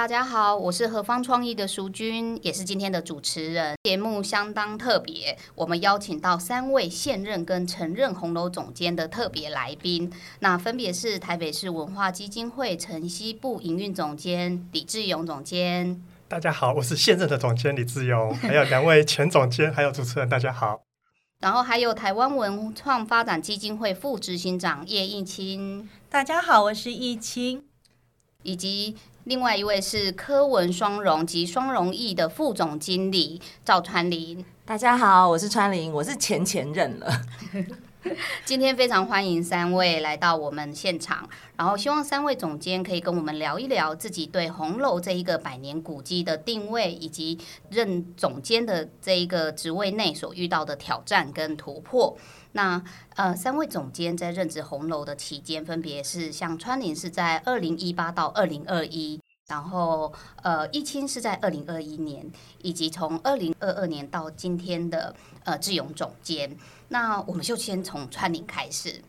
大家好，我是合方創意的淑君。也是今天的主持人。節目相當特別。我們邀請到三位現任跟曾任紅樓總監的特別來賓，那分別是台北市文化基金會城西部營運總監李志勇總監。大家好，我是現任的總監李志勇，還有兩位前總監， 還有主持人，大家好。然後還有台灣文創發展基金會副執行長葉益青，大家好，我是益青，以及。另外一位是科文雙融及雙融藝的副總經理趙釧玲，大家好，我是釧玲，我是前前任了。 今天非常歡迎三位來到我們現場，然後希望三位總監可以跟我們聊一聊自己對紅樓這一個百年古蹟的定位，以及任總監的這一個職位內所遇到的挑戰跟突破。那呃，三位總監在任職紅樓的期間，分別是像釧玲是在二零一八到二零二一，然後呃，益青是在二零二一年，以及從二零二二年到今天的呃志勇總監。那我們就先從釧玲開始。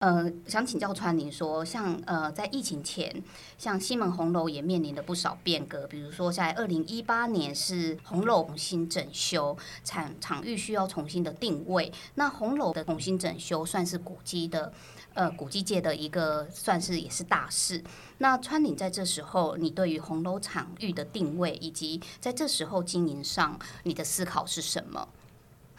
呃，想請教釧玲說，像呃，在疫情前，像西門紅樓也面臨着不少變革，比如說在二零一八年是紅樓重新整修，產場域需要重新的定位。那紅樓的重新整修算是古蹟的，呃，古蹟界的一個算是也是大事。那釧玲在這時候，你對於紅樓場域的定位，以及在這時候經營上，你的思考是什麼？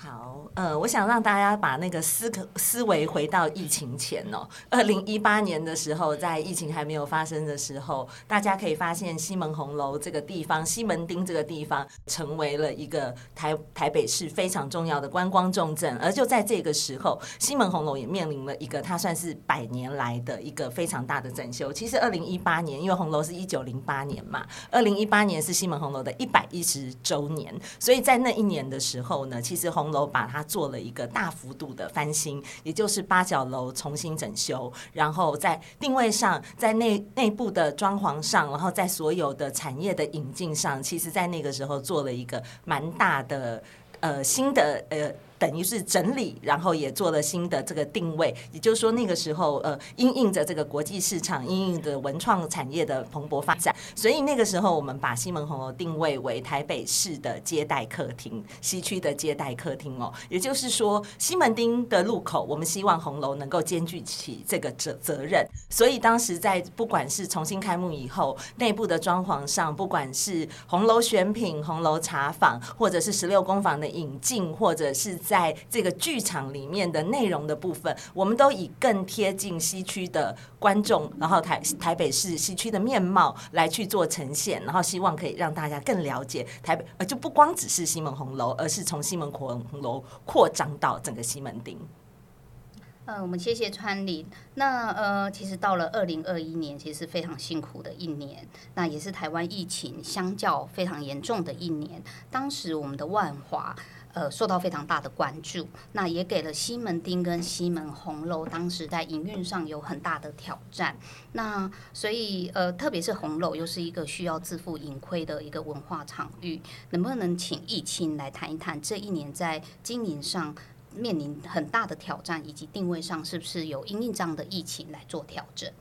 好，呃，我想讓大家把那個思可思維回到疫情前哦。二零一八年的時候，在疫情還沒有發生的時候，大家可以發現西門紅樓這個地方、西門町這個地方，成為了一個台台北市非常重要的觀光重鎮。而就在這個時候，西門紅樓也面臨了一個它算是百年來的一個非常大的整修。其實二零一八年，因為紅樓是一九零八年嘛，二零一八年是西門紅樓的一百一十周年，所以在那一年的時候呢，其實紅把它做了一個大幅度的翻新，也就是八角樓重新整修，然後在定位上，在內內部的裝潢上，然後在所有的產業的引進上，其實在那個時候做了一個蠻大的呃新的呃。等於是整理，然後也做了新的這個定位，也就是說那個時候，呃，因應著這個國際市場，因應著文創產業的蓬勃發展，所以那個時候我們把西門紅樓定位為台北市的接待客廳，西區的接待客廳哦，也就是說西門町的路口，我們希望紅樓能夠肩負起這個責責任。所以當時在不管是重新開幕以後，內部的裝潢上，不管是紅樓選品、紅樓茶坊，或者是十六工房的引進，或者是在這個劇場裡面的內容的部分，我們都以更貼近西區的觀眾，然後台台北市西區的面貌來去做呈現，然後希望可以讓大家更了解台北，呃，就不光只是西門紅樓，而是從西門紅樓擴張到整個西門町。呃，我們謝謝釧玲。那呃，其實到了二零二一年，其實是非常辛苦的一年，那也是台灣疫情相較非常嚴重的一年。當時我們的萬華。呃，受到非常大的關注，那也給了西門町跟西門紅樓當時在營運上有很大的挑戰。那所以呃，特別是紅樓又是一個需要自負盈虧的一個文化場域，能不能請益青來談一談，這一年在經營上面臨很大的挑戰，以及定位上是不是有因應這樣的疫情來做調整？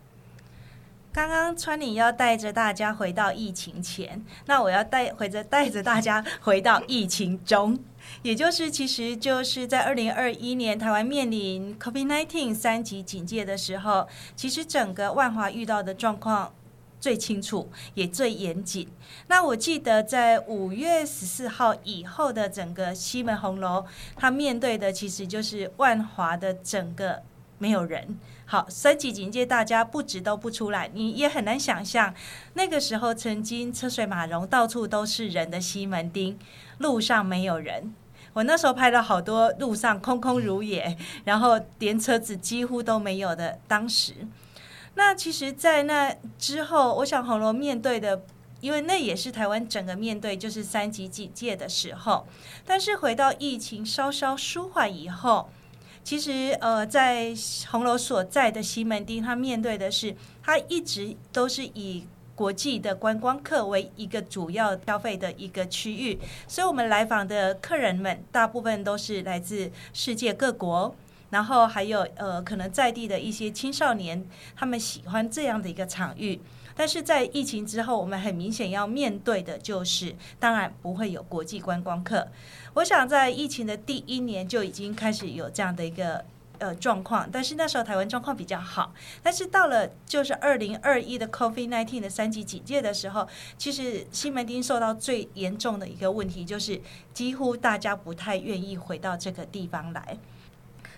剛剛釧玲要帶着大家回到疫情前，那我要帶，或者帶着大家回到疫情中，也就是其實就是在二零二一年台灣面臨 COVID-19 三級警戒的時候，其實整個萬華遇到的狀況最清楚，也最嚴謹。那我記得在五月十四號以後的整個西門紅樓，他面對的其實就是萬華的整個沒有人。好，三級警戒，大家不止都不出來，你也很難想象那個時候曾經車水馬龍、到處都是人的西門町，路上沒有人。我那時候拍了好多路上空空如也，然後連車子幾乎都沒有的。當時，那其實，在那之後，我想紅樓面對的，因為那也是台灣整個面對就是三級警戒的時候。但是回到疫情稍稍舒緩以後。其實，呃，在紅樓所在的西門町，它面對的是，它一直都是以國際的觀光客為一個主要消費的一個區域，所以，我們來訪的客人們大部分都是來自世界各國，然後還有呃，可能在地的一些青少年，他們喜歡這樣的一個場域。但是在疫情之後，我們很明顯要面對的就是，當然不會有國際觀光客。我想在疫情的第一年就已經開始有這樣的一個呃狀況，但是那時候台灣狀況比較好。但是到了就是二零二一的 COVID nineteen 的三級警戒的時候，其實西門町受到最嚴重的一個問題就是，幾乎大家不太願意回到這個地方來。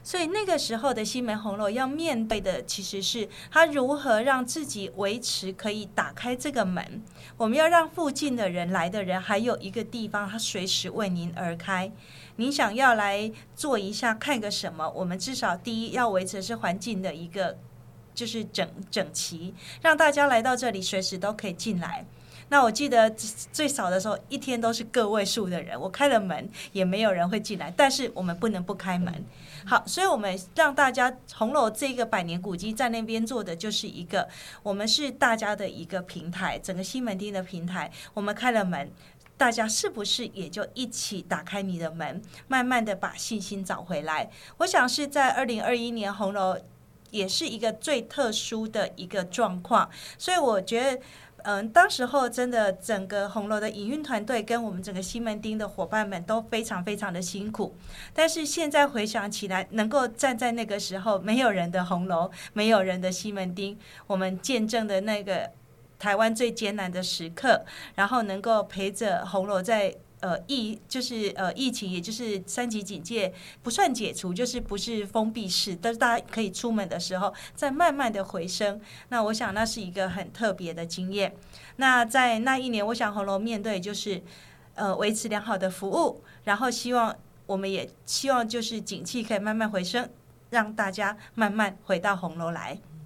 所以那個時候的西門紅樓要面對的，其實是他如何讓自己維持可以打開這個門。我們要讓附近的人、來的人，還有一個地方，他隨時為您而開。您想要來做一下看個什麼？我們至少第一要維持是環境的一個就是整整齊，讓大家來到這裡隨時都可以進來。那我記得最少的時候，一天都是個位數的人，我開了門也沒有人會進來。但是我們不能不開門，好，所以我們讓大家紅樓這個百年古蹟在那邊做的就是一個，我們是大家的一個平台，整個西門町的平台，我們開了門，大家是不是也就一起打開你的門，慢慢的把信心找回來？我想是在二零二一年，紅樓也是一個最特殊的一個狀況，所以我覺得。嗯，當時候真的整個紅樓的營運團隊跟我們整個西門町的夥伴們都非常非常的辛苦，但是現在回想起來，能夠站在那個時候沒有人的紅樓，沒有人的西門町，我們見證的那個台灣最艱難的時刻，然後能夠陪着紅樓在。呃，疫就是呃，疫情也就是三級警戒不算解除，就是不是封閉式，但是大家可以出門的時候再慢慢的回升。那我想那是一個很特別的經驗。那在那一年，我想紅樓面對就是呃，維持良好的服務，然後希望我們也希望就是景氣可以慢慢回升，讓大家慢慢回到紅樓來。嗯，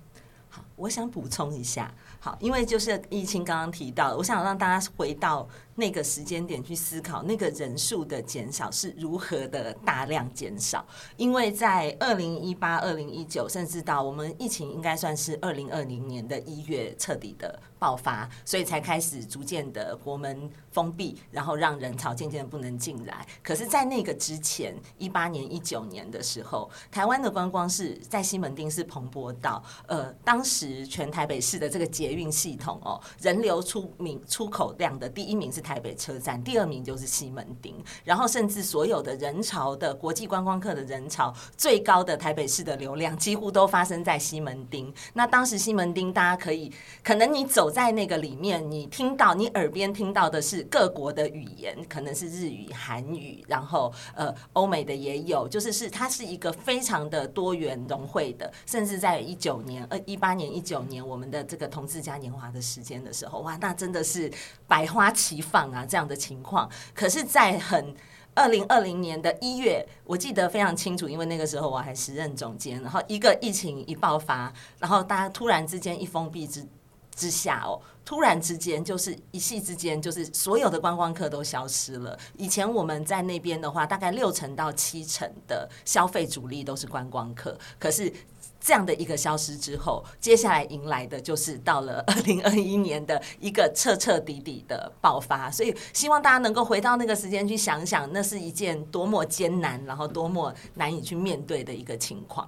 好，我想補充一下，好，因為就是疫情剛剛提到，我想讓大家回到。那個時間點去思考那個人數的減少是如何的大量減少，因為在二零一八、二零一九，甚至到我們疫情應該算是二零二零年的一月徹底的爆發，所以才開始逐漸的國門封閉，然後讓人潮漸漸不能進來。可是，在那個之前，一八年、一九年的時候，台灣的觀光是在西門町是蓬勃到，呃，當時全台北市的這個捷運系統哦，人流出名出口量的第一名是。台北車站第二名就是西門町，然後甚至所有的人潮的國際觀光客的人潮最高的台北市的流量幾乎都發生在西門町。那當時西門町大家可以，可能你走在那個裡面，你聽到你耳邊聽到的是各國的語言，可能是日語、韓語，然後呃歐美的也有，就是是它是一個非常的多元融匯的。甚至在一九年呃一八年一九年我們的這個同志嘉年華的時間的時候，哇，那真的是百花齊放。啊，這樣的情況，可是，在很二零二零年的一月，我記得非常清楚，因為那個時候我還時任總監，然後一個疫情一爆發，然後大家突然之間一封閉之之下哦，突然之間就是一夕之間，就是所有的觀光客都消失了。以前我們在那邊的話，大概六成到七成的消費主力都是觀光客，可是。這樣的一個消失之後，接下來迎來的就是到了二零二一年的一個徹徹底底的爆發。所以，希望大家能夠回到那個時間去想想，那是一件多麼艱難，然後多麼難以去面對的一個情況。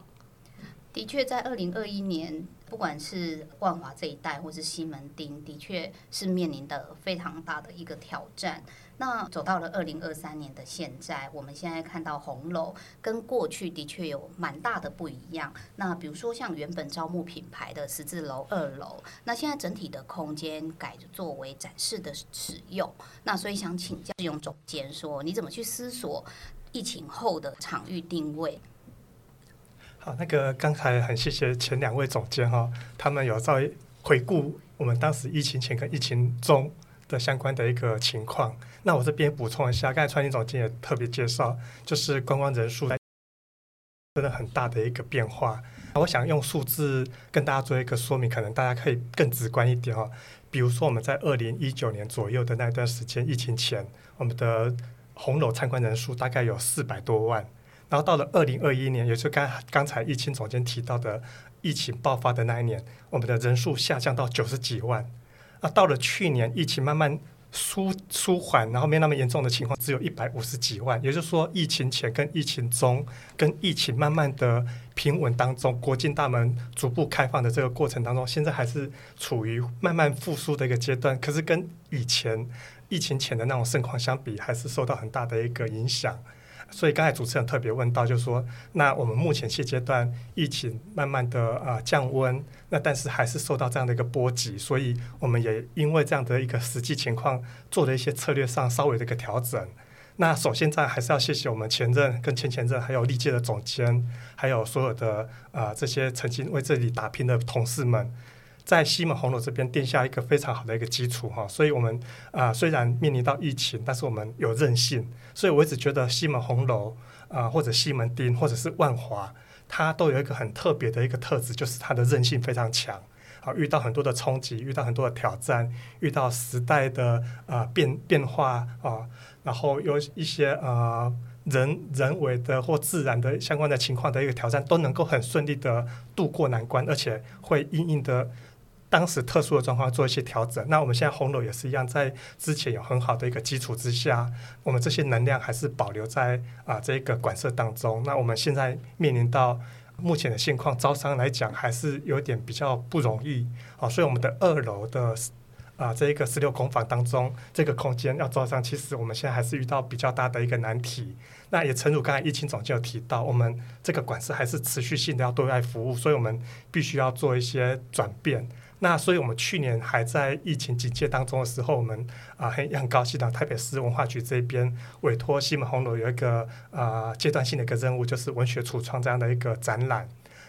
的確，在二零二一年，不管是萬華這一帶，或是西門町，的確是面臨的非常大的一個挑戰。那走到了二零二三年的現在，我們現在看到紅樓跟過去的確有蠻大的不一樣。那比如說像原本招募品牌的十字樓二樓，那現在整體的空間改作為展示的使用。那所以想請教志勇總監說，你怎麼去思索疫情後的場域定位？好，那個剛才很謝謝前兩位總監哈，他們有在回顧我們當時疫情前跟疫情中的相關的一個情況。那我這邊補充一下，剛才釧玲總監也特別介紹，就是觀光人數真的很大的一個變化。我想用數字跟大家做一個說明，可能大家可以更直觀一點哈、哦。比如說，我們在二零一九年左右的那段時間，疫情前，我們的紅樓參觀人數大概有四百多萬。然後到了二零二一年，也就是剛剛才益青總監提到的疫情爆發的那一年，我們的人數下降到九十幾萬。啊，到了去年疫情慢慢，舒舒緩，然後沒有那麼嚴重的情況，只有一百五十幾萬。也就是說，疫情前、跟疫情中、跟疫情慢慢的平穩當中，國境大門逐步開放的這個過程當中，現在還是處於慢慢復甦的一個階段。可是跟以前疫情前的那種盛況相比，還是受到很大的一個影響。所以剛才主持人特別問到，就是說，那我們目前現階段疫情慢慢的啊、呃、降溫，那但是還是受到這樣的一個波及，所以我們也因為這樣的一個實際情況，做了一些策略上稍微的一個調整。那首先在還是要謝謝我們前任、跟前前任還有歷屆的總監，還有所有的啊、呃、這些曾經為這裡打拼的同事們。在西門紅樓這邊定下一個非常好的一個基礎哈，所以我們啊雖然面臨到疫情，但是我們有韌性，所以我一直覺得西門紅樓啊，或者西門町或者是萬華，它都有一個很特別的一個特質，就是它的韌性非常強啊，遇到很多的衝擊，遇到很多的挑戰，遇到時代的啊變變化啊，然後有一些啊，人人為的或自然的相關的情況的一個挑戰，都能夠很順利的度過難關，而且會因應的，當時特殊的狀況做一些調整。那我們現在紅樓也是一樣，在之前有很好的一個基礎之下，我們這些能量還是保留在啊這一個館舍當中。那我們現在面臨到目前的現況，招商來講還是有點比較不容易啊。所以我們的二樓的啊這一個十六工房當中，這個空間要招商，其實我們現在還是遇到比較大的一個難題。那也誠如剛才益青總監有提到，我們這個館舍還是持續性的要對外服務，所以我們必須要做一些轉變。那所以，我們去年還在疫情警戒當中的時候，我們啊很很高興，到台北市文化局這邊委托西門紅樓有一個啊、呃、階段性的一個任務，就是文學櫥窗這樣的一個展覽。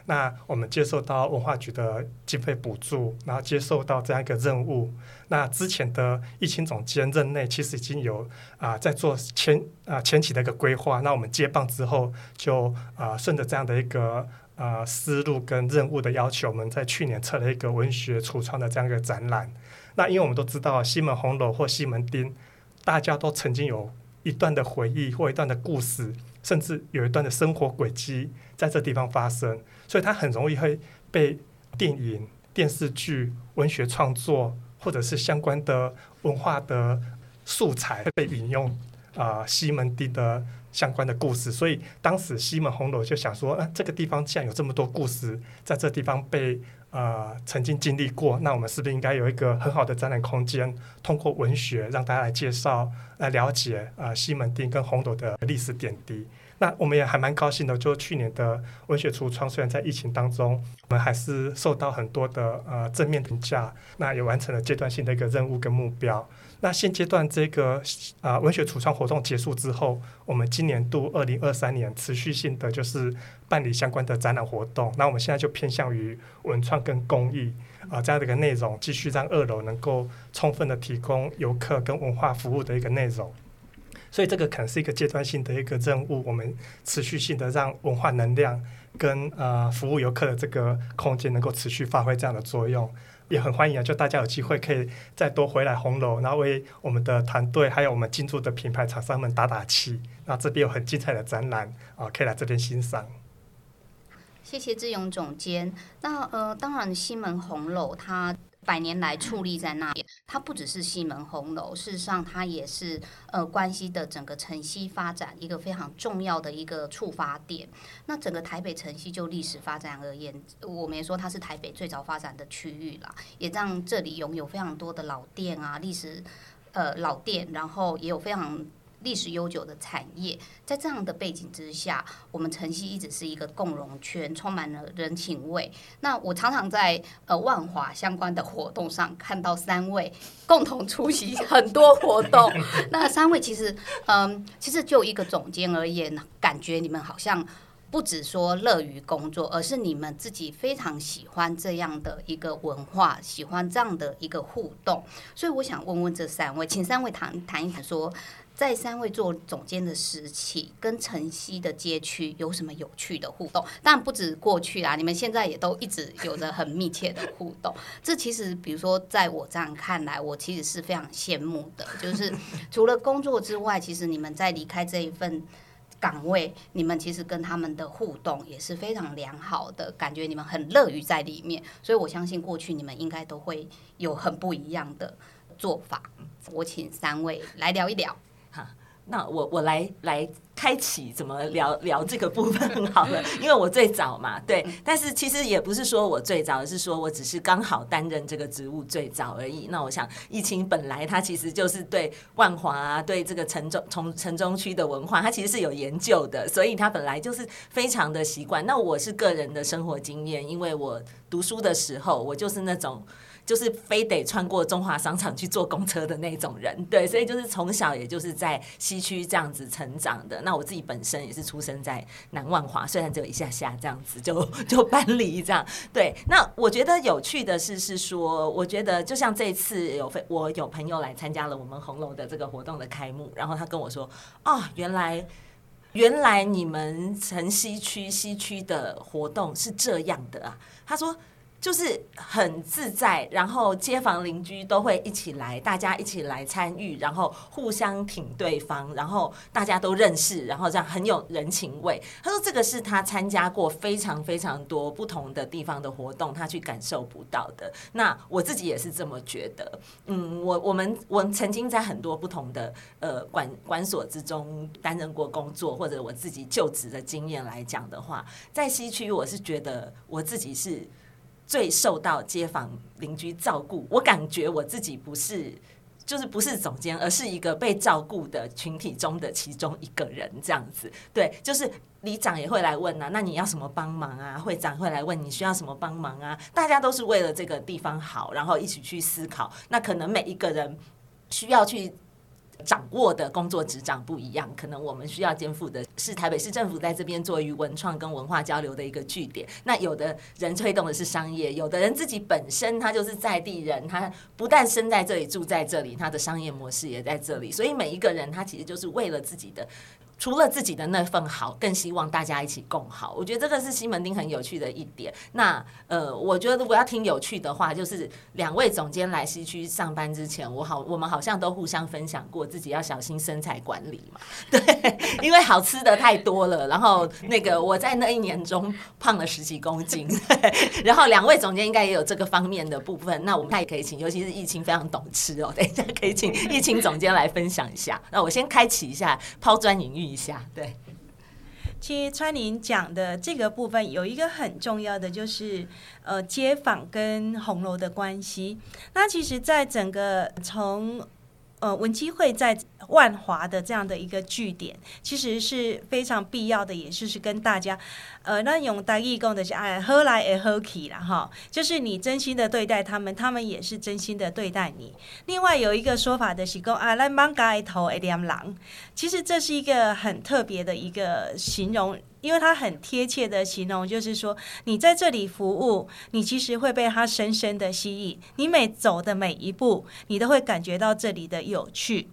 那我們接受到文化局的經費補助，然後接受到這樣一個任務。那之前的疫情總監任內，其實已經有啊、呃、在做前啊、呃、前期的一個規劃。那我們接棒之後就，就、呃、啊順着這樣的一個。啊、呃，思路跟任務的要求，我們在去年策了一個文學櫥窗的這樣一個展覽。那因為我們都知道西門紅樓或西門町，大家都曾經有一段的回憶或一段的故事，甚至有一段的生活軌跡在這地方發生，所以它很容易會被電影、電視劇、文學創作或者是相關的文化的素材被引用啊、呃，西門町的相關的故事，所以當時西門紅樓就想說，哎、啊，這個地方既然有這麼多故事，在這地方被呃曾經經歷過，那我們是不是應該有一個很好的展覽空間，通過文學讓大家來介紹、來了解啊、呃、西門町跟紅樓的歷史點滴？那我們也還蠻高興的，就去年的文學櫥窗，雖然在疫情當中，我們還是受到很多的呃正面評價，那也完成了階段性的一個任務跟目標。那現階段這個啊、呃、文學櫥窗活動結束之後，我們今年度二零二三年持續性的就是辦理相關的展覽活動。那我們現在就偏向於文創跟工藝啊這樣的一個內容，繼續讓二樓能夠充分的提供遊客跟文化服務的一個內容。所以這個可能是一個階段性的一個任務，我們持續性的讓文化能量跟啊、呃、服務遊客的這個空間能夠持續發揮這樣的作用。也很歡迎啊！就大家有機會可以再多回來紅樓，然後為我們的團隊還有我們進駐的品牌廠商們打打氣。那這邊有很精彩的展覽啊，可以來這邊欣賞。謝謝志勇總監。那呃，當然西門紅樓它。百年來矗立在那裡，它不只是西門紅樓，事實上它也是呃關係的整個城西發展一個非常重要的一個觸發點。那整個臺北城西就歷史發展而言，我們也說它是台北最早發展的區域啦，也讓這裡擁有非常多的老店啊，歷史呃老店，然後也有非常。歷史悠久的產業，在這樣的背景之下，我們城西一直是一個共榮圈，充滿了人情味。那我常常在呃萬華相關的活動上看到三位共同出席很多活動。 那三位其實，嗯、呃，其實就一個總監而言，感覺你們好像不只說樂於工作，而是你們自己非常喜歡這樣的一個文化，喜歡這樣的一個互動。所以我想問問這三位，請三位談談一談說。在三位做總監的時期，跟城西的街區有什麼有趣的互動？但不止過去啊。你們現在也都一直有着很密切的互動。這其實，比如說，在我這樣看來，我其實是非常羨慕的。就是除了工作之外，其實你們在離開這一份崗位，你們其實跟他們的互動也是非常良好的，感覺你們很樂於在裡面。所以我相信過去你們應該都會有很不一樣的做法。我請三位來聊一聊。哈，那我我來來開啟怎麼聊聊這個部分好了，因為我最早嘛，對， 但是其實也不是說我最早，是說我只是剛好擔任這個職務最早而已。那我想，益青本來他其實就是對萬華、啊、對這個城中從城中區的文化，他其實是有研究的，所以他本來就是非常的習慣。那我是個人的生活經驗，因為我讀書的時候，我就是那種。就是非得穿過中華商場去坐公車的那種人，對，所以就是從小也就是在西區這樣子成長的。那我自己本身也是出生在南萬華，雖然只有一下下這樣子就就搬離這樣。對，那我覺得有趣的是，是說我覺得就像這一次有非我有朋友來參加了我們紅樓的這個活動的開幕，然後他跟我說啊、哦，原來原來你們城西區西區的活動是這樣的啊，他說。就是很自在，然後街坊鄰居都會一起來，大家一起來參與，然後互相挺對方，然後大家都認識，然後這樣很有人情味。他說這個是他參加過非常非常多不同的地方的活動，他去感受不到的。那我自己也是這麼覺得。嗯，我我們我曾經在很多不同的呃館、館所之中擔任過工作，或者我自己就職的經驗來講的話，在西區我是覺得我自己是。最受到街坊鄰居照顧，我感覺我自己不是，就是不是總監，而是一個被照顧的群體中的其中一個人，這樣子。對，就是里長也會來問啊，那你要什麼幫忙啊？會長會來問你需要什麼幫忙啊？大家都是為了這個地方好，然後一起去思考。那可能每一個人需要去。掌握的工作職掌不一樣，可能我們需要肩負的是台北市政府在這邊做於文創跟文化交流的一個據點。那有的人推動的是商業，有的人自己本身他就是在地人，他不但生在這裡住在這裡，他的商業模式也在這裡，所以每一個人他其實就是為了自己的。除了自己的那份好，更希望大家一起共好。我覺得這個是西門町很有趣的一點。那呃，我覺得如果要聽有趣的話，就是兩位總監來西區上班之前，我好，我們好像都互相分享過自己要小心身材管理嘛。對。因為好吃的太多了，然後那個我在那一年中胖了十幾公斤，然後兩位總監應該也有這個方面的部分，那我們他也可以請，尤其是益青非常懂吃哦、喔，等一下可以請益青總監來分享一下。那我先開啟一下，拋磚引玉一下。對，其實釧玲講的這個部分有一個很重要的就是，呃，街坊跟紅樓的關係。那其實，在整個從呃文基會在。萬華的這樣的一個據點，其實是非常必要的，也就是，是跟大家，呃，那用台語講的是哎，好、啊、來哎好去啦哈，就是你真心的對待他們，他們也是真心的對待你。另外有一個說法、就是啊、的是講，哎，來艋舺的土會黏人，其實這是一個很特別的一個形容，因為它很貼切的形容，就是說你在這裡服務，你其實會被它深深的吸引，你每走的每一步，你都會感覺到這裡的有趣。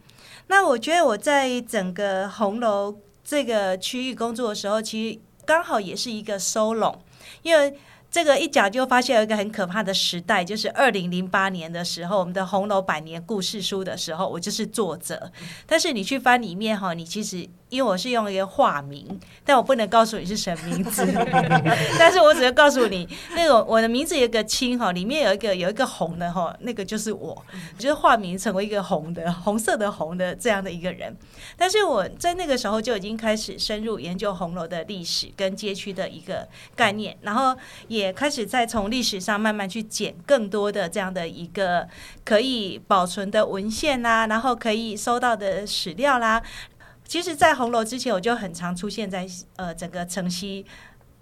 那我覺得我在整個紅樓這個區域工作的時候，其實剛好也是一個收攏，因為這個一講就發現有一個很可怕的時代，就是二零零八年的時候，我們的《紅樓百年故事書》的時候，我就是作者。但是你去翻裡面哈，你其實。因為我是用一個化名，但我不能告訴你是什麼名字。 但是，我只要告訴你，那個我的名字有個“青”哈，裡面有一個有一個“紅”的哈，那個就是我。我覺得化名成為一個紅的“紅”的紅色的“紅”的這樣的一個人。但是我在那個時候就已經開始深入研究紅樓的歷史跟街區的一個概念，然後也開始在從歷史上慢慢去撿更多的這樣的一個可以保存的文獻啦、啊，然後可以收到的史料啦、啊。其實，在紅樓之前，我就很常出現在呃整個城西。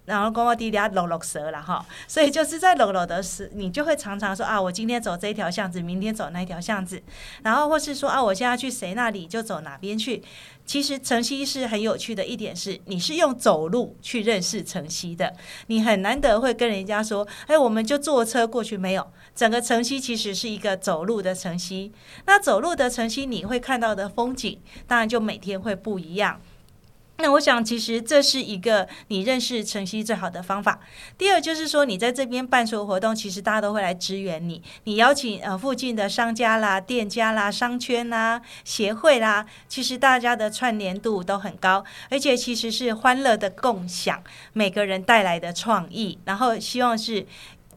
然後高高低低，繞繞舌了哈，所以就是在繞繞的時，你就會常常說啊，我今天走這一條巷子，明天走那一條巷子，然後或是說啊，我現在去誰那裡就走哪邊去。其實城西是很有趣的一點是，你是用走路去認識城西的，你很難得會跟人家說，哎，我們就坐車過去沒有？整個城西其實是一個走路的城西，那走路的城西，你會看到的風景，當然就每天會不一樣。那我想，其實這是一個你認識城西最好的方法。第二就是說，你在這邊辦所有活動，其實大家都會來支援你。你邀請呃附近的商家啦、店家啦、商圈啦、協會啦，其實大家的串聯度都很高，而且其實是歡樂的共享，每個人帶來的創意，然後希望是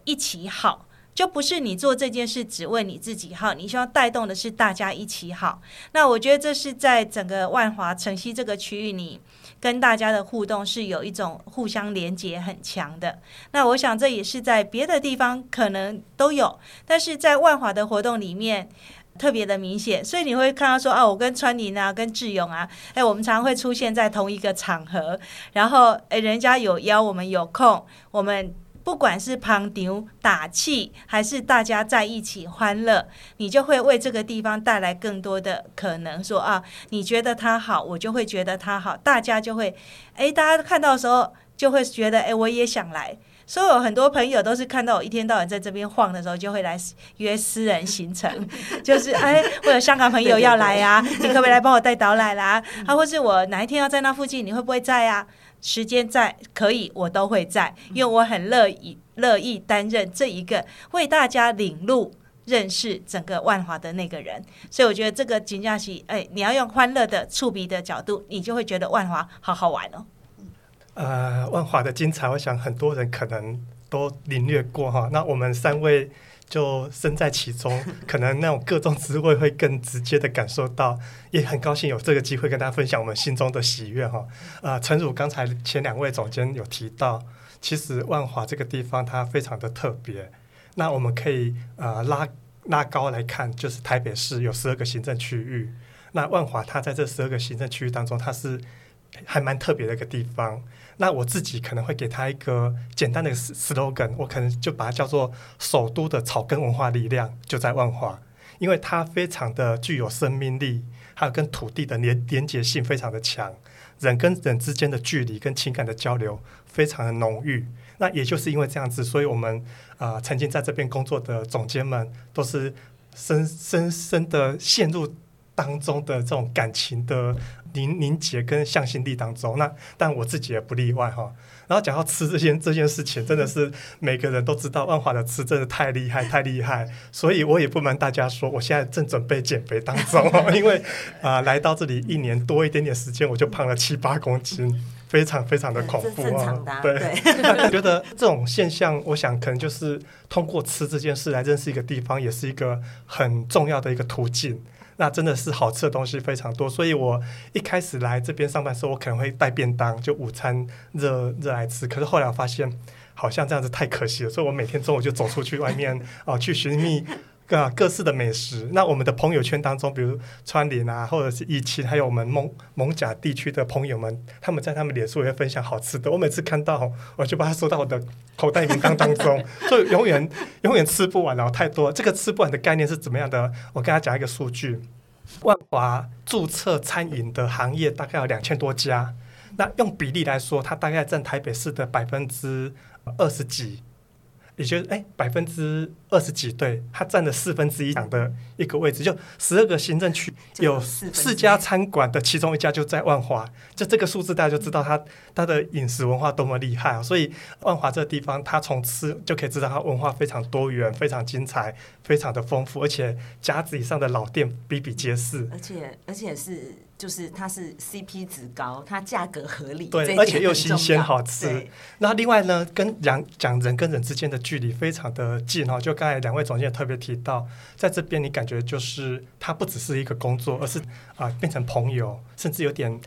一起好。就不是你做這件事只為你自己好，你希望帶動的是大家一起好。那我覺得這是在整個萬華、城西這個區域裡，你跟大家的互動是有一種互相連接很強的。那我想這也是在別的地方可能都有，但是在萬華的活動裡面特別的明顯。所以你會看到說啊，我跟釧玲啊、跟志勇啊，哎、欸，我們常常會出現在同一個場合，然後哎、欸，人家有邀我們有空，我們。不管是旁聽打氣，還是大家在一起歡樂，你就會為這個地方帶來更多的可能。說啊，你覺得他好，我就會覺得他好，大家就會，哎、欸，大家看到的時候就會覺得，哎、欸，我也想來。所以有很多朋友都是看到我一天到晚在這邊晃的時候，就會來約私人行程。 就是哎、欸，我有香港朋友要來呀、啊， 對對對，你可不可以來幫我帶導覽啦？啊，或是我哪一天要在那附近，你會不會在呀、啊？時間在可以，我都會在，因為我很樂意樂意擔任這一個為大家領路、認識整個萬華的那個人。所以我覺得這個金嘉琪，哎，你要用歡樂的、觸鼻的角度，你就會覺得萬華好好玩哦！呃，萬華的精彩，我想很多人可能都領略過哈。那我們三位。就身在其中，可能那種各種滋味會更直接的感受到，也很高興有這個機會跟大家分享我們心中的喜悅哈。啊、呃，誠如剛才前兩位總監有提到，其實萬華這個地方它非常的特別。那我們可以啊、呃，拉拉高來看，就是台北市有十二個行政區域，那萬華它在這十二個行政區域當中，它是。還蠻特別的一個地方。那我自己可能會給他一個簡單的 slogan，我可能就把它叫做“首都的草根文化力量就在萬華”，因為它非常的具有生命力，還有跟土地的連連接性非常的強，人跟人之間的距離跟情感的交流非常的濃郁。那也就是因為這樣子，所以我們啊、呃、曾經在這邊工作的總監們，都是深深深的陷入當中的這種感情的。凝凝結跟向心力當中，那但我自己也不例外哈。然後講到吃這件這件事情，真的是每個人都知道，萬華的吃真的太厲害太厲害。所以我也不瞞大家說，我現在正準備減肥當中， 因為啊、呃、來到這裡一年 多一點點時間，我就胖了七八公斤， 非常非常的恐怖、嗯、這是正常的啊。對，覺得 這種現象，我想可能就是通過吃這件事來認識一個地方，也是一個很重要的一個途徑。那真的是好吃的東西非常多，所以我一開始來這邊上班的時候，我可能會帶便當，就午餐熱熱來吃。可是後來我發現，好像這樣子太可惜了，所以我每天中午就走出去外面哦、 啊，去尋覓。各各式的美食，那我們的朋友圈當中，比如釧玲啊，或者是益青，還有我們艋艋舺地區的朋友們，他們在他們臉書也會分享好吃的。我每次看到，我就把它收到我的口袋名單當中， 所以永遠永遠吃不完、哦，然後太多。這個吃不完的概念是怎麼樣的？我跟他講一個數據：萬華注冊餐飲的行業大概有兩千多家，那用比例來說，它大概占台北市的百分之二十幾。也就是哎百分之二十幾，對，它占了四分之一檔的一個位置，就十二個行政區有四家餐館的其中一家就在萬華，就這個數字大家就知道它它、嗯、的飲食文化多麼厲害啊！所以萬華這個地方，它從吃就可以知道它文化非常多元、非常精彩、非常的豐富，而且甲子以上的老店比比皆是，嗯、而且而且是。就是它是 CP 值高，它價格合理，對，而且又新鮮好吃。那另外呢，跟講講人跟人之間的距離非常的近。哦。就剛才兩位總監也特別提到，在這邊你感覺就是它不只是一個工作，而是啊、呃、變成朋友，甚至有點。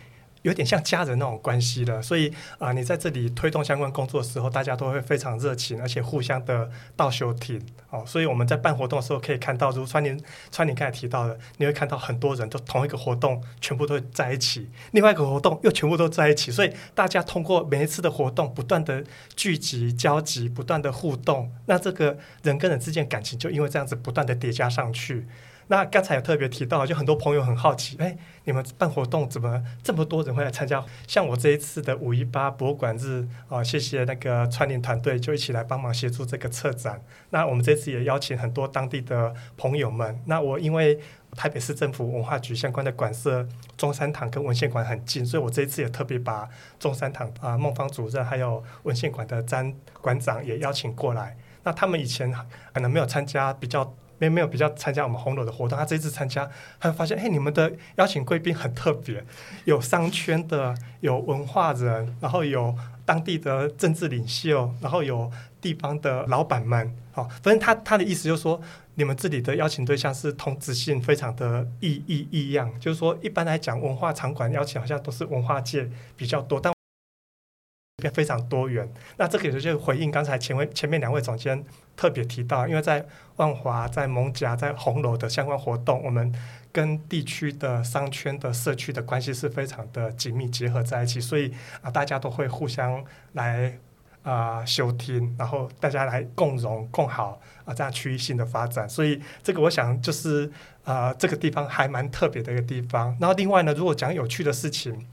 有點像家人那種關係了，所以啊、呃，你在這裡推動相關工作的時候，大家都會非常熱情，而且互相的倒休停哦。所以我們在辦活動的時候，可以看到，如釧玲、釧玲剛才提到的，你會看到很多人都同一個活動全部都在一起，另外一個活動又全部都在一起。所以大家通過每一次的活動，不斷的聚集、交集，不斷的互動，那這個人跟人之間感情就因為這樣子不斷的疊加上去。那剛才也特別提到，就很多朋友很好奇，哎，你們辦活動怎麼這麼多人會來參加？像我這一次的五一八博物館日，啊、呃，謝謝那個串聯團隊，就一起來幫忙協助這個策展。那我們這次也邀請很多當地的朋友們。那我因為台北市政府文化局相關的館舍，中山堂跟文獻館很近，所以我這一次也特別把中山堂啊、呃、孟芳主任，還有文獻館的詹館長也邀請過來。那他們以前可能沒有參加比較。沒沒有比較參加我們紅樓的活動，他這次參加，他發現，哎，你們的邀請貴賓很特別，有商圈的，有文化人，然後有當地的政治領袖，然後有地方的老闆們，好、哦，反正他他的意思就是說，你們這裡的邀請對象是同質性非常的意異樣，就是說，一般來講，文化場館邀請好像都是文化界比較多，但。變非常多元。那這個也就是回應剛才前位前面兩位總監特別提到，因為在萬華、在艋舺、在紅樓的相關活動，我們跟地區的商圈的社區的關係是非常的緊密結合在一起，所以啊，大家都會互相來啊，休、呃、聽，然後大家來共融共好啊，這樣區域性的發展。所以這個我想就是啊、呃，這個地方還蠻特別的一個地方。然後另外呢，如果講有趣的事情。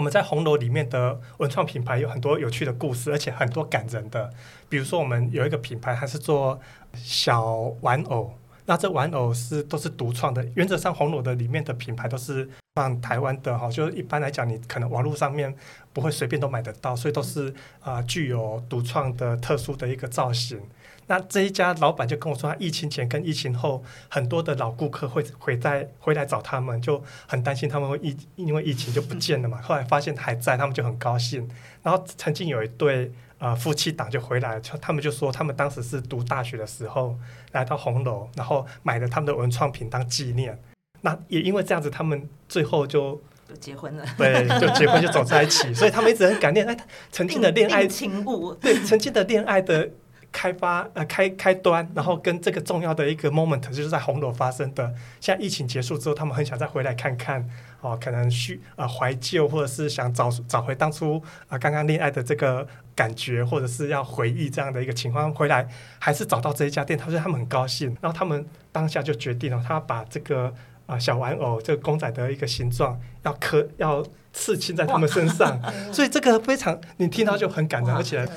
我們在紅樓裡面的文創品牌有很多有趣的故事，而且很多感人的。比如說，我們有一個品牌，它是做小玩偶，那這玩偶是都是獨創的。原則上，紅樓的裡面的品牌都是。像台灣的哈，就是一般來講，你可能網絡上面不會隨便都買得到，所以都是啊、呃、具有獨創的、特殊的一個造型。那這一家老闆就跟我說，他疫情前跟疫情後，很多的老顧客會回在回來找他們，就很擔心他們會疫，因為疫情就不見了嘛。後來發現還在，他們就很高興。然後曾經有一對、呃、夫妻檔就回來，他們就說他們當時是讀大學的時候來到紅樓，然後買了他們的文創品當紀念。那也因為這樣子，他們最後就，就結婚了，對，就結婚就走在一起， 所以他們一直很感念哎，曾經的戀愛情物，對，曾經的戀愛的開發、呃、開開端，然後跟這個重要的一個 moment 就是在紅樓發生的。現在疫情結束之後，他們很想再回來看看哦，可能去懷舊，呃、或者是想找找回當初啊剛剛戀愛的這個感覺，或者是要回憶這樣的一個情況回來，還是找到這一家店，他說他們很高興，然後他們當下就決定了、哦，他把這個。啊，小玩偶，這個公仔的一個形狀要刻要刺青在他們身上，所以這個非常，你聽到就很感人，而且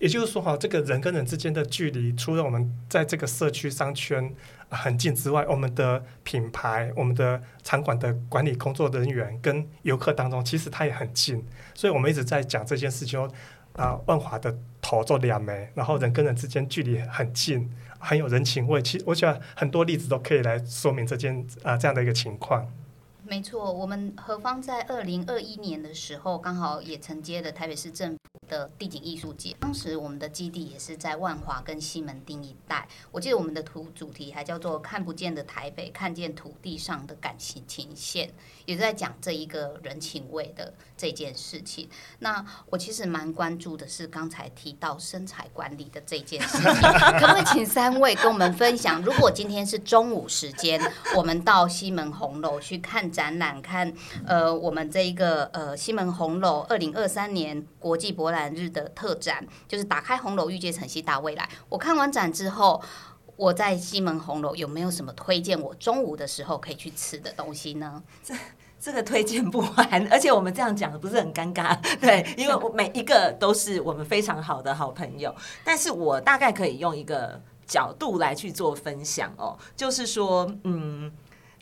也就是說哈、啊，這個人跟人之間的距離，除了我們在這個社區商圈很近之外，我們的品牌、我們的場館的管理工作人員跟游客當中，其實他也很近，所以我們一直在講這件事情哦。啊，萬華的頭做兩枚，然後人跟人之間距離很近。很有人情味，其，我想很多例子都可以來說明這件啊這樣的一個情況。沒錯，我們合方在二零二一年的時候，剛好也承接了台北市政府，的地景藝術節，當時我們的基地也是在萬華跟西門町一帶。我記得我們的圖主題還叫做“看不見的台北，看見土地上的感情情線”，也在講這一個人情味的這件事情。那我其實蠻關注的是剛才提到身材管理的這件事情， 可不可以請三位跟我們分享？如果今天是中午時間，我們到西門紅樓去看展覽，看呃，我們這一個呃西門紅樓二零二三年國際博覽。日的特展就是打開紅樓遇見城西大未來。我看完展之後，我在西門紅樓有沒有什麼推薦？我中午的時候可以去吃的東西呢？這這個推薦不完，而且我們這樣講的不是很尷尬？對，因為我每一個都是我們非常好的好朋友。 但是我大概可以用一個角度來去做分享哦，就是說，嗯。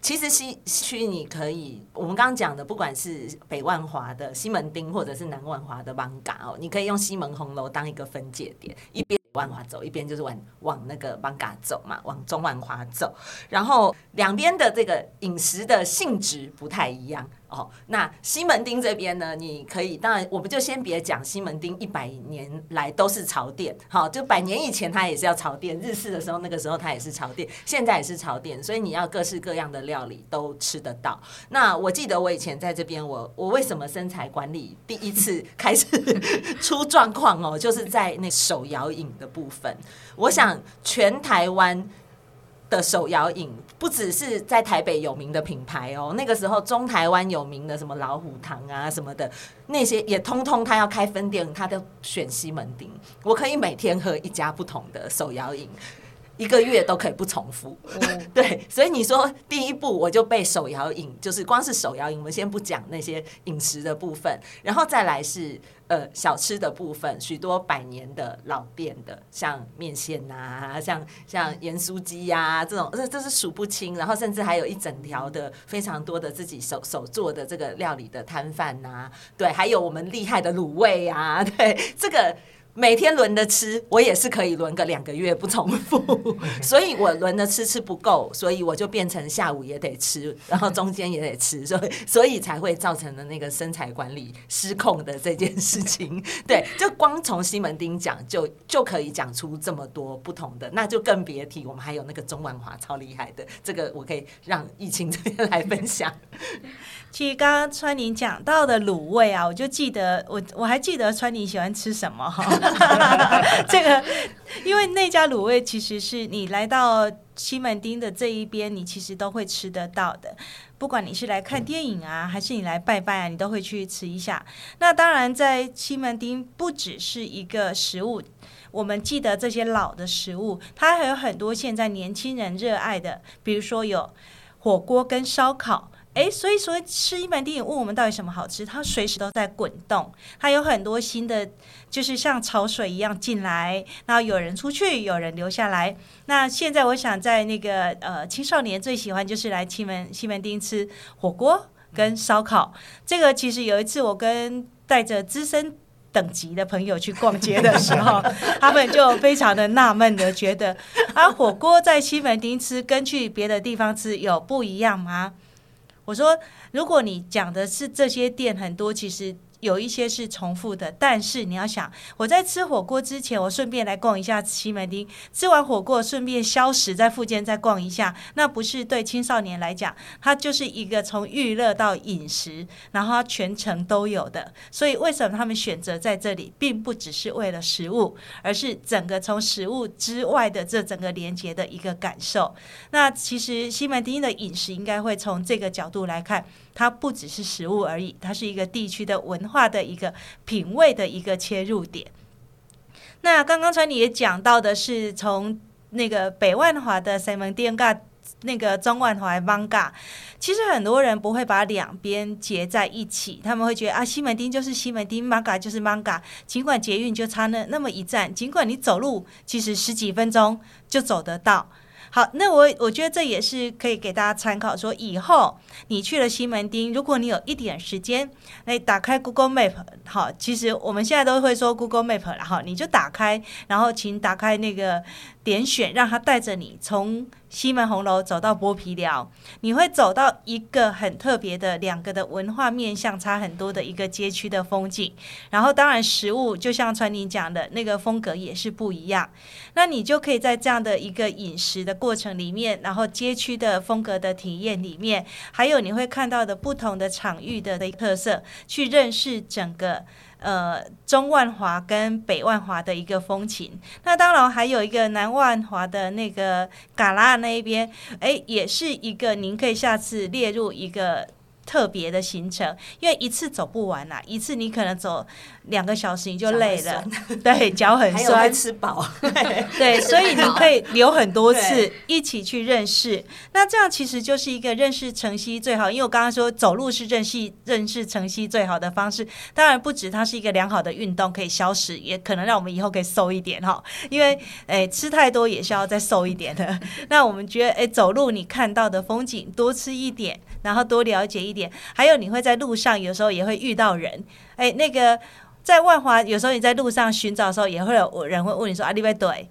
其實西區你可以，我們剛剛講的，不管是北萬華的西門町，或者是南萬華的艋舺哦，你可以用西門紅樓當一個分界點，一邊北萬華走，一邊就是往往那個艋舺走嘛，往中萬華走，然後兩邊的這個飲食的性質不太一樣。哦，那西門町這邊呢？你可以，當然，我們就先別講西門町一百年來都是潮店，好、哦，就百年以前它也是要潮店，日式的時候那個時候它也是潮店，現在也是潮店，所以你要各式各樣的料理都吃得到。那我記得我以前在這邊，我我為什麼身材管理第一次開始 出狀況哦，就是在那手搖飲的部分。我想全台灣。的手搖飲不只是在台北有名的品牌哦，那個時候中台灣有名的什麼老虎堂啊什麼的那些也通通他要開分店，他都選西門町。我可以每天喝一家不同的手搖飲。一個月都可以不重複。嗯，對，所以你說第一步我就背手搖飲，就是光是手搖飲，我們先不講那些飲食的部分，然後再來是呃小吃的部分，許多百年的老店的，像麵線吶、啊，像像鹽酥雞呀這種，這這是數不清，然後甚至還有一整條的非常多的自己手手做的這個料理的攤販吶，對，還有我們厲害的滷味啊，對這個。每天輪着吃，我也是可以輪個兩個月不重複，所以我輪着吃吃不夠，所以我就變成下午也得吃，然後中間也得吃，所以所以才會造成的那個身材管理失控的這件事情。對，就光從西門町講，就就可以講出這麼多不同的，那就更別提我們還有那個鍾萬華超厲害的，這個我可以讓益青這邊來分享。其實剛剛釧玲講到的滷味啊，我就記得我我還記得釧玲喜歡吃什麼哈。哈哈哈這個，因為那家滷味其實是你來到西門町的這一邊，你其實都會吃得到的。不管你是來看電影啊，還是你來拜拜啊，你都會去吃一下。那當然，在西門町不只是一個食物，我們記得這些老的食物，它還有很多現在年輕人熱愛的，比如說有火鍋跟燒烤。哎，所以說吃西門町也問我們到底什麼好吃，它隨時都在滾動，它有很多新的，就是像潮水一樣進來，然後有人出去，有人留下來。那現在我想在那個呃青少年最喜歡就是來西門西門町吃火鍋跟燒烤。這個其實有一次我跟帶着資深等級的朋友去逛街的時候， 他們就非常的納悶的覺得，啊火鍋在西門町吃跟去別的地方吃有不一樣嗎？我說，如果你講的是這些店很多，其實。有一些是重複的，但是你要想，我在吃火鍋之前，我順便來逛一下西門町，吃完火鍋順便消食，在附近再逛一下，那不是對青少年來講，它就是一個從娛樂到飲食，然後它全程都有的。所以為什麼他們選擇在這裡，並不只是為了食物，而是整個從食物之外的這整個連接的一個感受。那其實西門町的飲食應該會從這個角度來看。它不只是食物而已，它是一個地區的文化的一個品味的一個切入點。那剛剛才你也講到的是從那個北萬華的西門町噶，那個中萬華 Manga，其實很多人不會把兩邊結在一起，他們會覺得啊西門町就是西門町 Manga 就是 Manga，儘管捷運就差那那麼一站，儘管你走路其實十幾分鐘就走得到。好，那我我覺得這也是可以給大家參考，說以後你去了西門町，如果你有一點時間，那打開 Google Map，好，其實我們現在都會說 Google Map 了哈，你就打開，然後請打開那個點選，讓它帶着你從。西門紅樓走到剝皮寮，你會走到一個很特別的兩個的文化面相差很多的一個街區的風景。然後，當然食物就像釧玲講的那個風格也是不一樣。那你就可以在這樣的一個飲食的過程裡面，然後街區的風格的體驗裡面，還有你會看到的不同的場域的的特色，去認識整個。呃，中萬華跟北萬華的一個風情，那當然還有一個南萬華的那個加蚋那一邊，哎、欸，也是一個，您可以下次列入一個。特別的行程，因為一次走不完啦，一次你可能走兩個小時你就累了，腳對，腳很酸，還吃飽，對，所以你可以留很多次一起去認識。那這樣其實就是一個認識城西最好，因為我剛剛說走路是認識認識城西最好的方式。當然，不止它是一個良好的運動，可以消食，也可能讓我們以後可以瘦一點哈。因為、欸、吃太多也是要再瘦一點的。 那我們覺得、欸、走路你看到的風景，多吃一點。然後多了解一點，還有你會在路上有時候也會遇到人，誒，那個在萬華有時候你在路上尋找的時候，也會有人會問你說：“啊，你喂，對。”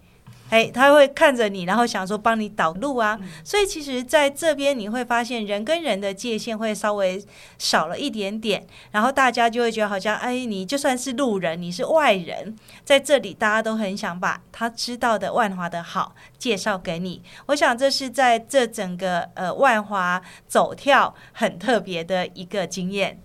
誒、欸，他會看着你，然後想說幫你導路啊。所以其實在這邊你會發現，人跟人的界限會稍微少了一點點，然後大家就會覺得好像，哎、欸，你就算是路人，你是外人，在這裡大家都很想把他知道的萬華的好介紹給你。我想這是在這整個，呃，萬華走跳很特別的一個經驗。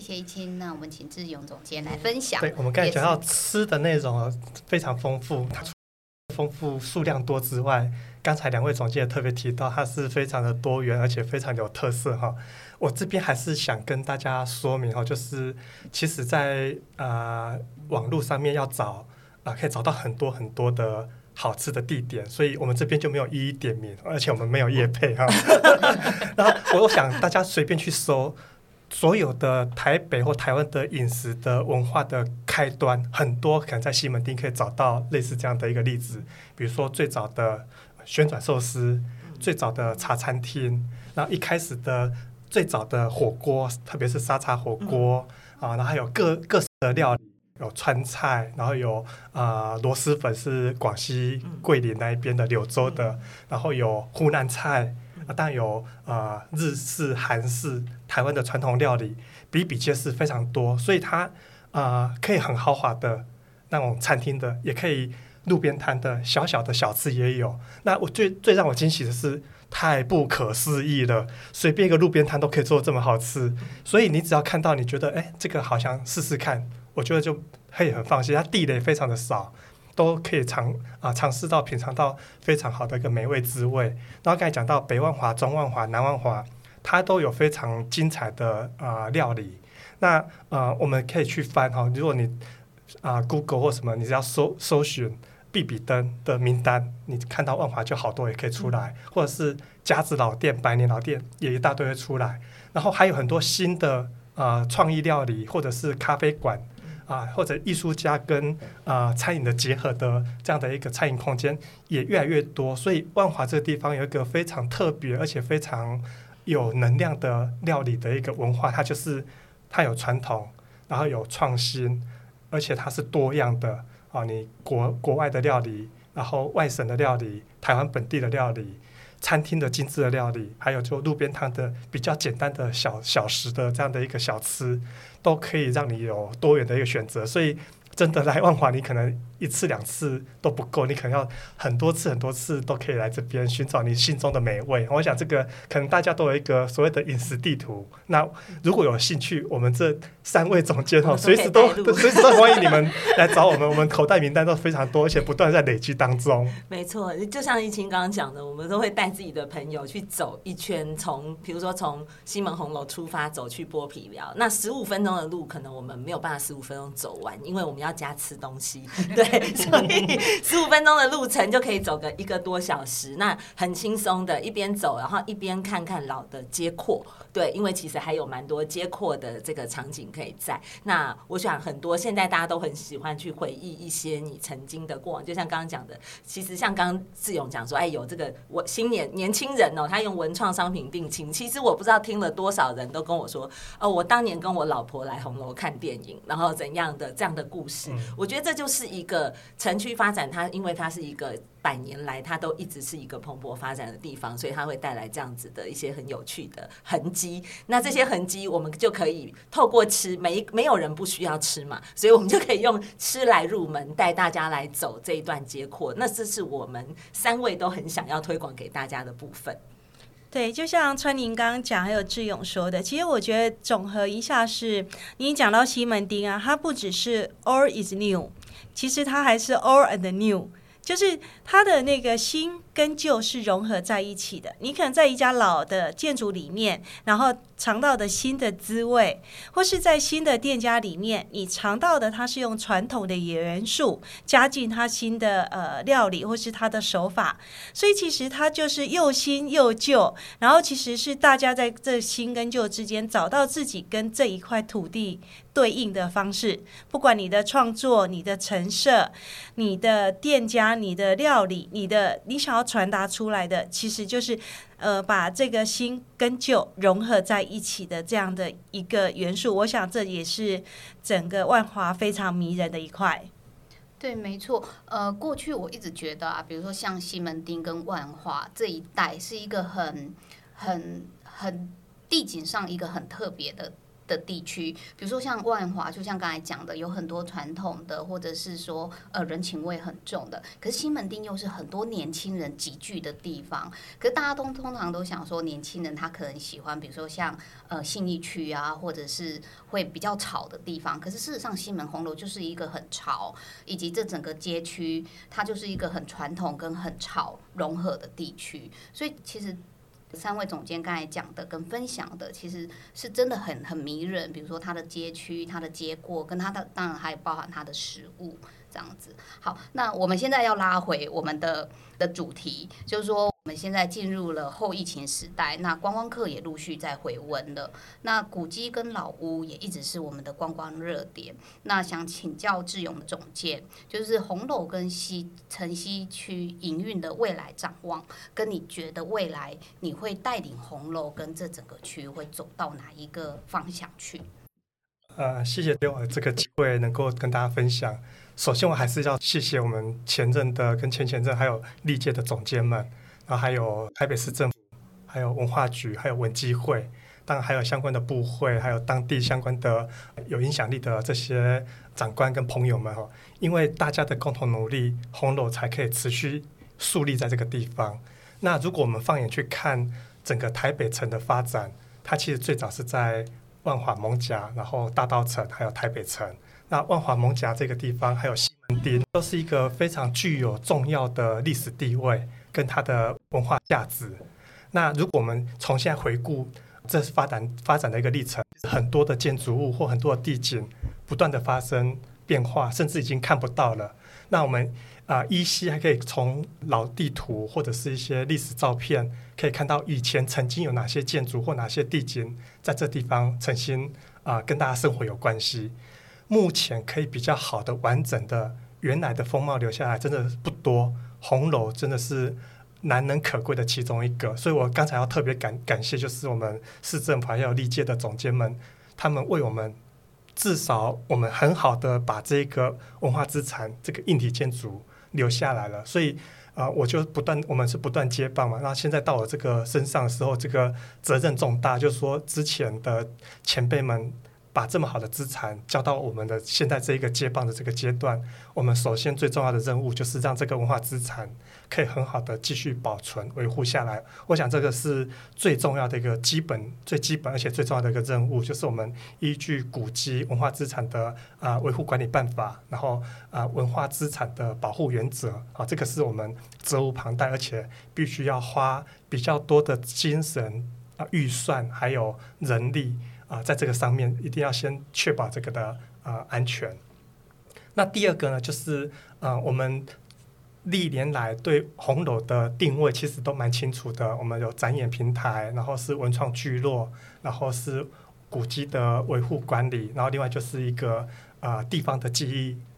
謝謝益青，那我們請志勇總監來分享。對，我們剛才講到吃的內容非常豐富，它除了豐富數量多之外，剛才兩位總監也特別提到，它是非常的多元，而且非常有特色哈。我這邊還是想跟大家說明哈，就是其實在，在、呃、啊網絡上面要找啊、呃、可以找到很多很多的好吃的地點，所以我們這邊就沒有一一點名，而且我們沒有業配哈。 然後我想大家隨便去搜。所有的台北或台灣的飲食的文化的開端，很多可能在西門町可以找到類似這樣的一個例子，比如說最早的旋轉壽司，最早的茶餐廳，然後一開始的最早的火鍋，特別是沙茶火鍋啊，然後還有各各式的料理，有川菜，然後有啊、呃、螺螄粉是廣西桂林那一邊的柳州的，然後有湖南菜。但有啊、呃，日式、韓式、臺灣的傳統料理比比皆是，非常多。所以它啊、呃，可以很豪華的那種餐廳的，也可以路邊攤的，小小的小吃也有。那我最最讓我驚喜的是，太不可思議了！隨便一個路邊攤都可以做這麼好吃。所以你只要看到你覺得，哎、欸，這個好像試試看，我覺得就可以很放心。它地雷非常的少。都可以嘗啊嘗試到品嘗到非常好的一個美味滋味。然後剛才講到北萬華、中萬華、南萬華，它都有非常精彩的啊、呃、料理。那、呃、我們可以去翻、哦、如果你啊、呃、Google 或什麼，你只要搜搜尋必比登的名單，你看到萬華就好多也可以出來、嗯，或者是家子老店、百年老店也一大堆會出來。然後還有很多新的啊呃、創意料理或者是咖啡館。啊，或者藝術家跟啊、呃、餐飲的結合的這樣的一個餐飲空間也越來越多，所以萬華這個地方有一個非常特別而且非常有能量的料理的一個文化，它就是它有傳統，然後有創新，而且它是多樣的啊，你國國外的料理，然後外省的料理，台灣本地的料理。餐廳的精緻的料理，還有就路邊攤的比較簡單的小小食的這樣的一個小吃，都可以讓你有多元的一個選擇，所以。真的來萬華，你可能一次兩次都不夠，你可能要很多次，很多次都可以來這邊尋找你心中的美味。我想這個可能大家都有一個所謂的飲食地圖。那如果有興趣，我們這三位總監哈，隨時都隨時都歡迎你們來找我們。 我們口袋名單都非常多，而且不斷在累積當中。沒錯，就像益青剛剛講的，我們都會帶自己的朋友去走一圈，從比如說從西門紅樓出發走去剝皮寮，那十五分鐘的路可能我們沒有辦法十五分鐘走完，因為我們要。要家吃東西，對，所以十五分鐘的路程就可以走個一個多小時，那很輕鬆的一，一邊走然後一邊看看老的街廓。對，因為其實還有蠻多街廓的這個場景可以在。那我想很多現在大家都很喜歡去回憶一些你曾經的過往，就像剛剛講的，其實像剛剛志勇講說，哎，有這個我新年年輕人哦，他用文創商品定情。其實我不知道聽了多少人都跟我說，哦，我當年跟我老婆來紅樓看電影，然後怎樣的這樣的故事，嗯。我覺得這就是一個城區發展，它因為它是一個。百年來，它都一直是一個蓬勃發展的地方，所以它會帶來這樣子的一些很有趣的痕跡。那這些痕跡，我們就可以透過吃，每沒，沒有人不需要吃嘛，所以我們就可以用吃來入門，帶大家來走這一段街廓。那這是我們三位都很想要推廣給大家的部分。對，就像釧玲剛剛講，還有志勇說的，其實我覺得總和一下是你講到西門町啊，它不只是 all is new，其實它還是 all and new。就是他的那個心，跟舊是融合在一起的。你可能在一家老的建築裡面，然後嘗到的新的滋味，或是在新的店家裡面，你嘗到的它是用傳統的元素加進它新的呃料理，或是它的手法。所以其實它就是又新又舊，然後其實是大家在這新跟舊之間找到自己跟這一塊土地對應的方式。不管你的創作、你的陳設、你的店家、你的料理、你的你想要。傳達出來的其實就是，呃，把這個新跟舊融合在一起的這樣的一個元素，我想這也是整個萬華非常迷人的一塊。對，沒錯。呃，過去我一直覺得啊，比如說像西門町跟萬華這一帶，是一個很、很、很地景上一個很特別的。的地區，比如說像萬華，就像剛才講的，有很多傳統的，或者是說呃人情味很重的。可是西門町又是很多年輕人集聚的地方。可是大家都通常都想說，年輕人他可能喜歡，比如說像呃信義區啊，或者是會比較潮的地方。可是事實上，西門紅樓就是一個很潮，以及這整個街區，它就是一個很傳統跟很潮融合的地區。所以其實。三位總監剛才講的跟分享的，其實是真的很很迷人。比如說他的街區、他的街廓，跟他的當然還有包含他的食物這樣子。好，那我們現在要拉回我們的的主題，就是說，我們現在進入了後疫情時代，那觀光客也陸續在回溫了。那古蹟跟老屋也一直是我們的觀光熱點。那想請教志勇總監，就是紅樓跟西城西區營運的未來展望，跟你覺得未來你會帶領紅樓跟這整個區域會走到哪一個方向去？呃，謝謝給我這個機會能夠跟大家分享。首先，我還是要謝謝我們前任的跟前前任還有歷屆的總監們。然後還有台北市政府，還有文化局，還有文基會，當然還有相關的部會，還有當地相關的有影響力的這些長官跟朋友們哈，因為大家的共同努力，紅樓才可以持續樹立在這個地方。那如果我們放眼去看整個台北城的發展，它其實最早是在萬華艋舺、艋舺然後大稻埕，還有台北城。那萬華、艋舺這個地方，還有西門町，都是一個非常具有重要的歷史地位跟它的。文化價值。那如果我們重新回顧這是發展發展的一個歷程，很多的建築物或很多的地景不斷的發生變化，甚至已經看不到了。那我們啊、呃，依稀還可以從老地圖或者是一些歷史照片可以看到以前曾經有哪些建築或哪些地景在這地方曾經啊、呃、跟大家生活有關係。目前可以比較好的完整的原來的風貌留下來真的不多。紅樓真的是。難能可貴的其中一個，所以我剛才要特別感感謝，就是我們市政府還有歷屆的總監們，他們為我們至少我們很好的把這個文化資產這個硬體建築留下來了。所以啊、呃，我就不斷我們是不斷接棒嘛，那現在到了這個身上的時候，這個責任重大，就是說之前的前輩們。把這麼好的資產交到我們的現在這一個接棒的這個階段，我們首先最重要的任務就是讓這個文化資產可以很好的繼續保存維護下來。我想這個是最重要的一個基本，最基本而且最重要的一個任務，就是我們依據古蹟文化資產的啊、呃、維護管理辦法，然後啊、呃、文化資產的保護原則啊，這個是我們責無旁貸，而且必須要花比較多的精神啊、呃、預算還有人力。啊、呃，在這個上面一定要先確保這個的啊、呃、安全。那第二個呢，就是啊、呃，我們歷年來對紅樓的定位其實都蠻清楚的。我們有展演平台，然後是文創聚落，然後是古蹟的維護管理，然後另外就是一個啊、呃、地方的記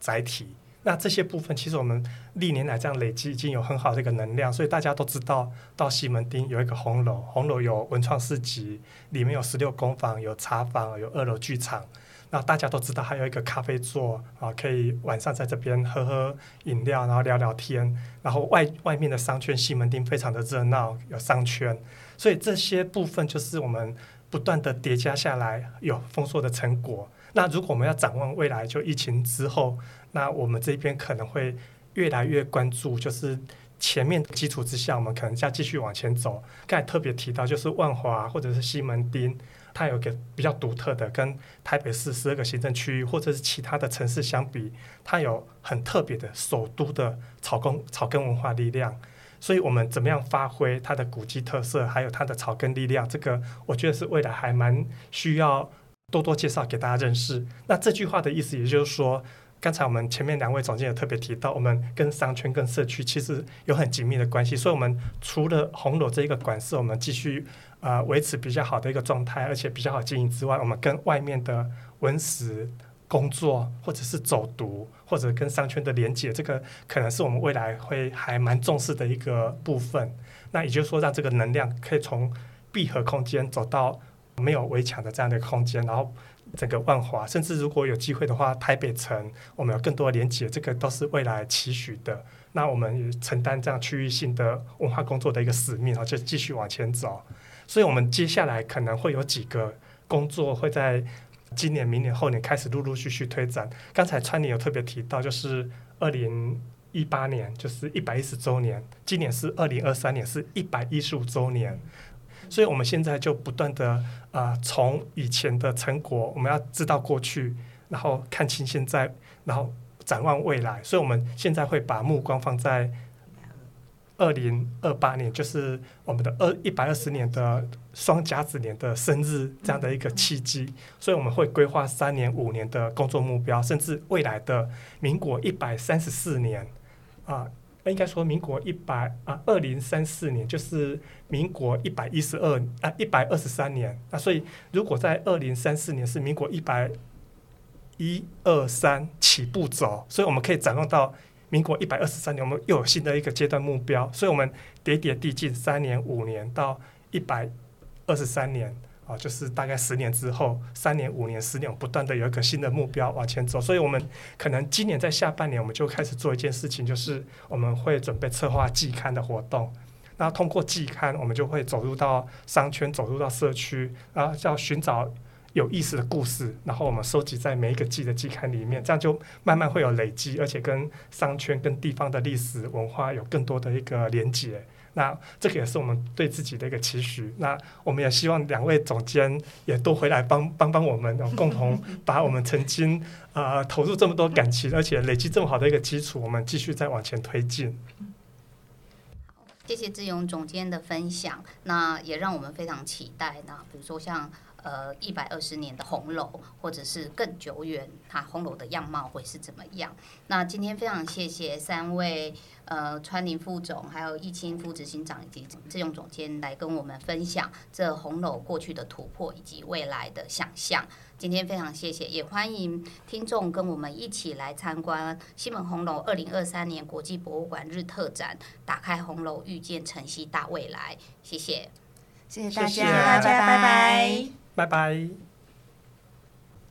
憶載體。那這些部分，其實我們歷年來這樣累積，已經有很好的一個能量，所以大家都知道，到西門町有一個紅樓，紅樓有文創市集，裡面有十六工房，有茶坊，有二樓劇場。那大家都知道，還有一個咖啡座啊，可以晚上在這邊喝喝飲料，然後聊聊天。然後外外面的商圈西門町非常的熱鬧，有商圈，所以這些部分就是我們不斷的疊加下來，有豐碩的成果。那如果我們要展望未來，就疫情之後，那我們這邊可能會越來越關注，就是前面的基礎之下，我們可能要繼續往前走。剛才特別提到，就是萬華或者是西門町，它有個比較獨特的，跟台北市十二個行政區域或者是其他的城市相比，它有很特別的首都的草根草根文化力量。所以，我們怎麼樣發揮它的古蹟特色，還有它的草根力量，這個我覺得是未來還蠻需要。多多介紹給大家認識。那這句話的意思，也就是說，剛才我們前面兩位總監也特別提到，我們跟商圈、跟社區其實有很緊密的關係。所以，我們除了紅樓這一個館，是我們繼續啊、呃、維持比較好的一個狀態，而且比較好經營之外，我們跟外面的文史工作，或者是走讀，或者跟商圈的連接，這個可能是我們未來會還蠻重視的一個部分。那也就是說，讓這個能量可以從閉合空間走到。沒有圍牆的這樣的一個空間，然後整個萬華，甚至如果有機會的話，台北城，我們有更多的連接，這個都是未來期許的。那我們也承擔這樣區域性的文化工作的一個使命，然後就繼續往前走。所以，我們接下來可能會有幾個工作會在今年、明年、後年開始陸陸續續推展。剛才釧玲有特別提到，就是二零一八年就是一百一十週年，今年是二零二三年，是一百一十五週年。所以，我們現在就不斷的啊、呃，從以前的成果，我們要知道過去，然後看清現在，然後展望未來。所以，我們現在會把目光放在二零二八年，就是我們的二一百二十年的雙甲子年的生日這樣的一個契機。所以，我們會規劃三年、五年的工作目標，甚至未來的民國一百三十四年啊。呃那應該說，民國一百啊，二零三四年就是民國一百一十二啊，一百二十三年啊。所以，如果在二零三四年是民國一百一二三起步走，所以我們可以展望到民國一百二十三年，我們又有新的一個階段目標。所以，我們疊疊遞進三年、五年到一百二十三年。就是大概十年之後，三年、五年、十年，我們不斷的有一個新的目標往前走。所以，我們可能今年在下半年，我們就開始做一件事情，就是我們會準備策劃季刊的活動。那通過季刊，我們就會走入到商圈，走入到社區，然後要尋找有意思的故事，然後我們收集在每一個季的季刊裡面，這樣就慢慢會有累積，而且跟商圈、跟地方的歷史文化有更多的一個連接。那這個也是我們對自己的一個期許。那我們也希望兩位總監也都回來幫幫幫我們，然後共同把我們曾經啊、 呃、投入這麼多感情，而且累積這麼好的一個基礎，我們繼續再往前推進。好，謝謝志勇總監的分享，那也讓我們非常期待。那比如說像，呃，一百二十年的紅樓，或者是更久遠，它紅樓的樣貌會是怎麼樣？那今天非常謝謝三位，呃，釧玲副總，還有益青副執行長以及志勇總監來跟我們分享這紅樓過去的突破以及未來的想象。今天非常謝謝，也歡迎聽眾跟我們一起來參觀西門紅樓二零二三年國際博物館日特展，打開紅樓，預見城西大未來。謝謝，謝謝大家，謝謝大家拜拜。拜拜拜拜。